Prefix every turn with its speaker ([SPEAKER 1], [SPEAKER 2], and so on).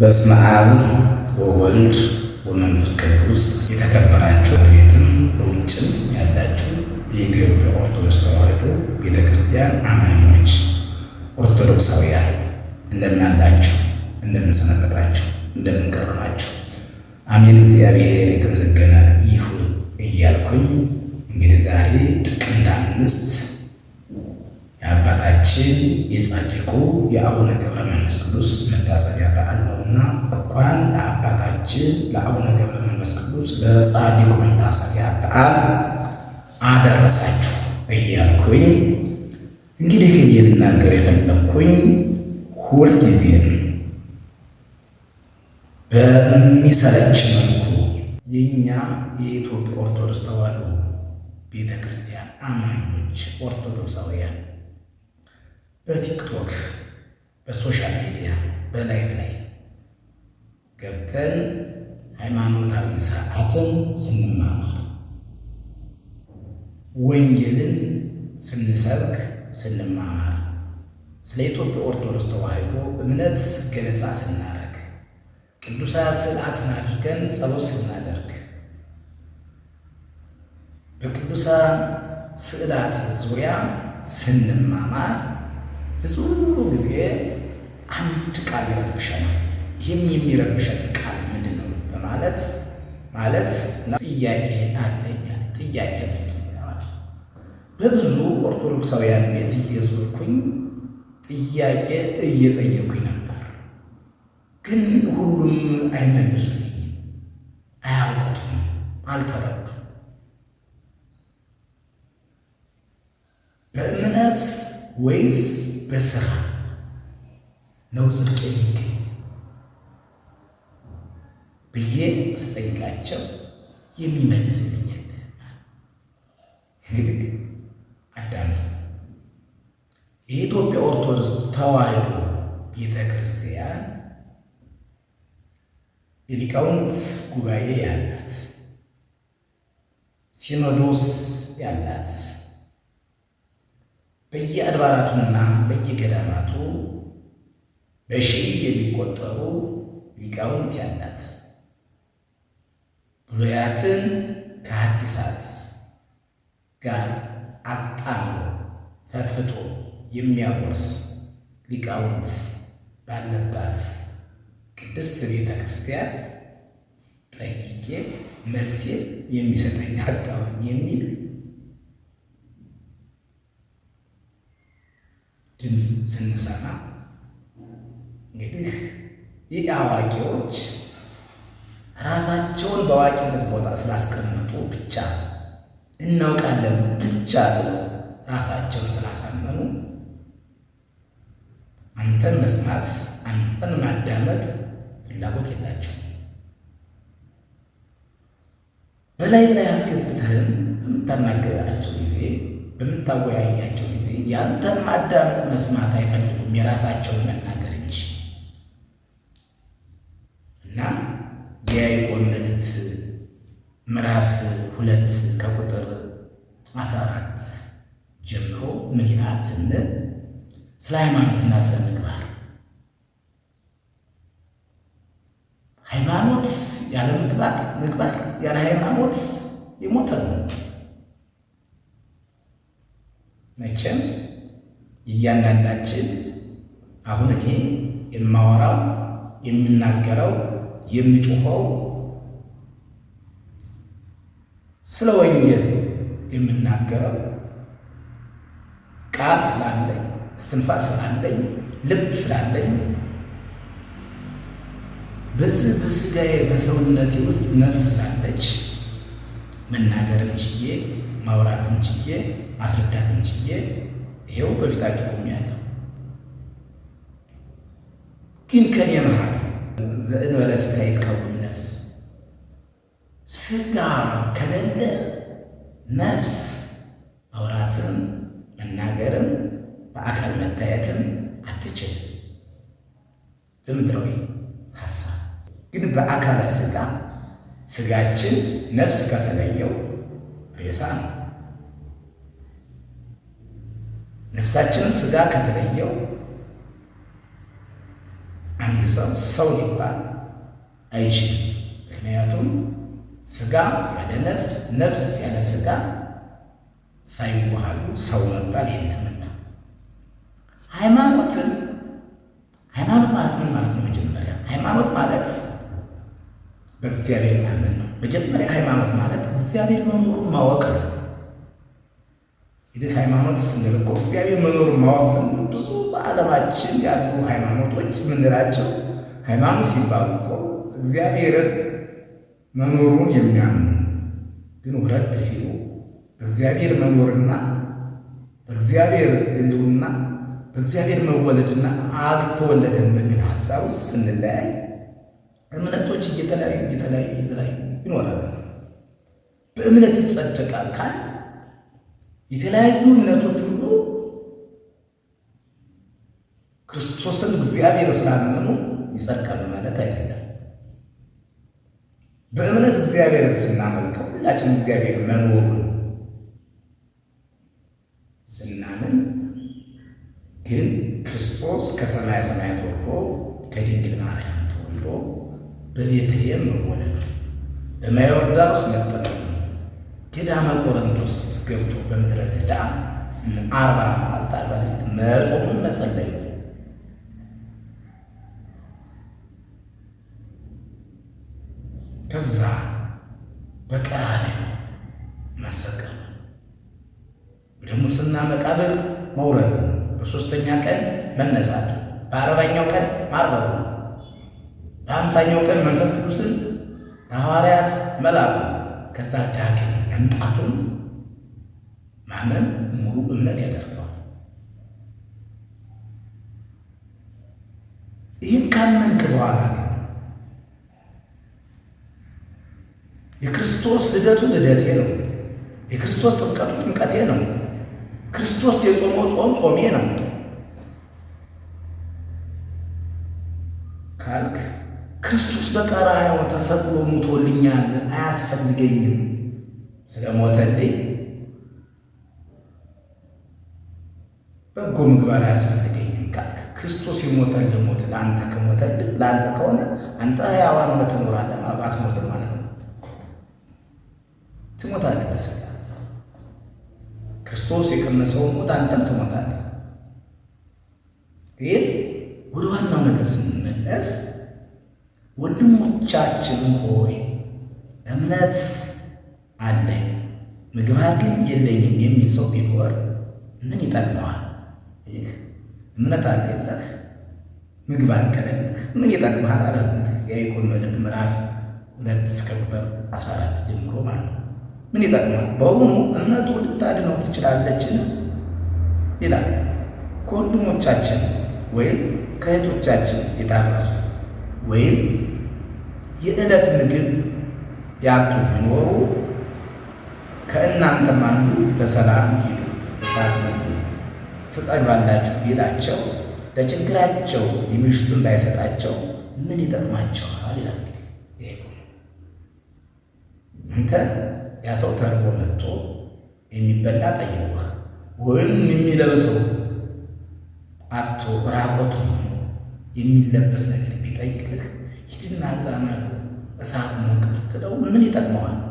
[SPEAKER 1] በስመ አብ ወወልድ ወመንፈስ ቅዱስ። የተከበራችሁ ቤትም በውጭም ያላችሁ የኢትዮጵያ ኦርቶዶክስ ተዋሕዶ ቤተክርስቲያን አማኞች ኦርቶዶክሳውያን እንደምናላችሁ፣ እንደምንሰነበታችሁ፣ እንደምንቀርባችሁ አሜን። እግዚአብሔር የተመሰገነ ይሁን እያልኩኝ እንግዲህ ዛሬ ጥቅምት አምስት የአባታችን የጻድቁ የአቡነ ገብረ መንፈስ ቅዱስ መታሰቢያ በዓል ነውና እንኳን ለአባታችን ለአቡነ ገብረ መንፈስ ቅዱስ ለጻድቁ መታሰቢያ በዓል አደረሳችሁ እያልኩኝ እንግዲህ ግን የምናገር የፈለግኩኝ ሁልጊዜም በሚሰለች መልኩ የእኛ የኢትዮጵያ ኦርቶዶክስ ተዋሕዶ ቤተ ክርስቲያን አማኞች ኦርቶዶክሳውያን በቲክቶክ በሶሻል ሚዲያ በላይቭ ላይ ገብተን ሃይማኖታዊ ስርዓትን ስንማማር ወንጌልን ስንሰብክ ስንማማር ስለ ኢትዮጵያ ኦርቶዶክስ ተዋሕዶ እምነት ገለጻ ስናደርግ ቅዱሳት ስርዓትን አድርገን ጸሎት ስናደርግ በቅዱሳን ስዕላት ዙሪያ ስንማማር ሁሉ ጊዜ አንድ ቃል ይረብሸናል። ይህም የሚረብሸን ቃል ምንድን ነው በማለት ማለት ጥያቄ አለኛ ጥያቄ ነዋል። በብዙ ኦርቶዶክሳውያን ቤት እየዞርኩኝ ጥያቄ እየጠየኩኝ ነበር፣ ግን ሁሉም አይመልሱኝ፣ አያውቁትም፣ አልተረዱ በእምነት ወይስ በስራ ነው ጽድቅ የሚገኝ ብዬ ስጠይቃቸው የሚመልስልኛል። እንግዲህ አዳም የኢትዮጵያ ኦርቶዶክስ ተዋሕዶ ቤተ ክርስቲያን የሊቃውንት ጉባኤ ያላት ሲኖዶስ ያላት በየአድባራቱና በየገዳማቱ በሺህ የሚቆጠሩ ሊቃውንት ያላት ብሉያትን ከሐዲሳት ጋር አጣምሮ ፈትፍቶ የሚያጎርስ ሊቃውንት ባለባት ቅድስት ቤተ ክርስቲያን ጠይቄ መልሴ የሚሰጠኝ አጣሁኝ የሚል ድምፅ ስንሰማ እንግዲህ ይህ አዋቂዎች ራሳቸውን በአዋቂነት ቦታ ስላስቀመጡ ብቻ እናውቃለን ብቻ ብለው ራሳቸውን ስላሳመኑ አንተን መስማት አንተን ማዳመጥ ፍላጎት የላቸው። በላይ ላይ አስገብተህም የምታናገራቸው ጊዜ በምታወያያቸው ጊዜ ያንተን ማዳመጥ መስማት አይፈልጉም፣ የራሳቸውን መናገር እንጂ እና የያዕቆብ መልእክት ምዕራፍ ሁለት ከቁጥር አስራ አራት ጀምሮ ምን ይላል ስንል ስለ ሃይማኖትና ስለ ምግባር ሃይማኖት ያለ ምግባር፣ ምግባር ያለ ሃይማኖት የሞተ ነው። መቼም እያንዳንዳችን አሁን እኔ የማወራው የምናገረው የምጮኸው ስለ ወንጌል የምናገረው ቃል ስላለኝ እስትንፋስ ስላለኝ ልብ ስላለኝ በዚህ በስጋዬ በሰውነቴ ውስጥ ነፍስ ስላለች መናገርም ችዬ ማውራትም ችዬ ማስረዳት እንችዬ ይኸው በፊታችሁ ቆሜያለሁ። ግን ከኔ መሃል ዘእንበለ ሥጋ ይትከውን ነፍስ ስጋ ከሌለ ነፍስ መውራትም መናገርም በአካል መታየትም አትችልም። በምድራዊ ሀሳብ ግን በአካለ ስጋ ስጋችን ነፍስ ከተለየው ሬሳ ነው። ነፍሳችንም ስጋ ከተለየው አንድ ሰው ሰው ሊባል አይችልም። ምክንያቱም ስጋ ያለ ነፍስ፣ ነፍስ ያለ ስጋ ሳይዋሃዱ ሰው መባል የለምና ሃይማኖትን ሃይማኖት ማለት ምን ማለት ነው? መጀመሪያ ሃይማኖት ማለት በእግዚአብሔር ማመን ነው። መጀመሪያ ሃይማኖት ማለት እግዚአብሔር መኖሩን ማወቅ ነው። እንግዲህ ሃይማኖት ስንል እኮ እግዚአብሔር መኖር ማወቅ ስንል ብዙ በዓለማችን ያሉ ሃይማኖቶች ምንላቸው ሃይማኖት ሲባሉ እኮ እግዚአብሔርን መኖሩን የሚያምኑ ግን ውረድ ሲሉ በእግዚአብሔር መኖርና በእግዚአብሔር እንዲሁና በእግዚአብሔር መወለድና አልተወለደም በሚል ሀሳብ ውስጥ ስንለያይ እምነቶች እየተለያዩ እየተለያዩ እየተለያዩ ይኖራሉ በእምነት ይጸደቃል ካል የተለያዩ እምነቶች ሁሉ ክርስቶስን እግዚአብሔር ስላመኑ ይጸድቃሉ ማለት አይደለም። በእምነት እግዚአብሔርን ስናመልከው ሁላችን እግዚአብሔር መኖሩን ስናምን ግን ክርስቶስ ከሰማያ ሰማያት ወርዶ ከድንግል ማርያም ተወልዶ በቤተልሔም መወለዱ በማዮርዳኖስ መጠመቁ ገዳመ ቆሮንቶስ ገብቶ በምድረ በዳ አርባ መዓልት አርባ ሌሊት መጾሙን ከዛ በቀራንዮ መሰቀል ወደ ሙስና መቃብር መውረድ በሶስተኛ ቀን መነሳት በአርባኛው ቀን ማረጉ በአምሳኛው ቀን መንፈስ ቅዱስን ለሐዋርያት መላኩ ከዛ ዳግም መምጣቱን ማመን ሙሉ እምነት ያደርገዋል። ይህን ካመንክ በኋላ የክርስቶስ ልደቱ ልደቴ ነው፣ የክርስቶስ ጥምቀቱ ጥምቀቴ ነው፣ ክርስቶስ የጾመው ጾም ጾሜ ነው ካልክ ክርስቶስ በቀራንዮ ተሰቅሎ ሙቶልኛል፣ አያስፈልገኝም ስለሞተልኝ በጎ ምግባር አያስፈልገኝም ካልክ ክርስቶስ የሞተልህ ሞት ለአንተ ከሞተልህ ለአንተ ከሆነ አንተ ሕያዋን ሆነህ ትኖራለህ፣ ሞት ማለት ነው። ትሞታለህ በስጋ ክርስቶስ የቀመሰውን ሞት አንተም ትሞታለህ። ይህ ወደ ዋናው ነገር ስንመለስ ወንድሞቻችን ሆይ እምነት አለ ምግባር ግን የለኝም የሚል ሰው ቢኖር ምን ይጠቅመዋል? እምነት አለ ብለህ ምግባር ከሌለህ ምን ይጠቅመሃል? አለ የያዕቆብ መልእክት ምዕራፍ ሁለት እስከ ቁጥር አስራ አራት ጀምሮ ማለት ነው። ምን ይጠቅመዋል? በእውኑ እምነቱ ልታድነው ትችላለችን? ይላል። ከወንድሞቻችን ወይም ከእህቶቻችን የታረሱ ወይም የዕለት ምግብ ያጡ ቢኖሩ ከእናንተም አንዱ በሰላም ሂዱ እሳት ነዱ ትጠግባላችሁ ቢላቸው ለችግራቸው የሚሽቱን ባይሰጣቸው ምን ይጠቅማቸዋል? ይላል። ይሄ አንተ ያ ሰው ተርቦ መጥቶ የሚበላ ጠየቅህ፣ ወይም የሚለብሰው አቶ ራቆቱ ሆኖ የሚለበስ ነገር ቢጠይቅህ ሂድና ዛና እሳት ሞቅ ብትለው ምን ይጠቅመዋል?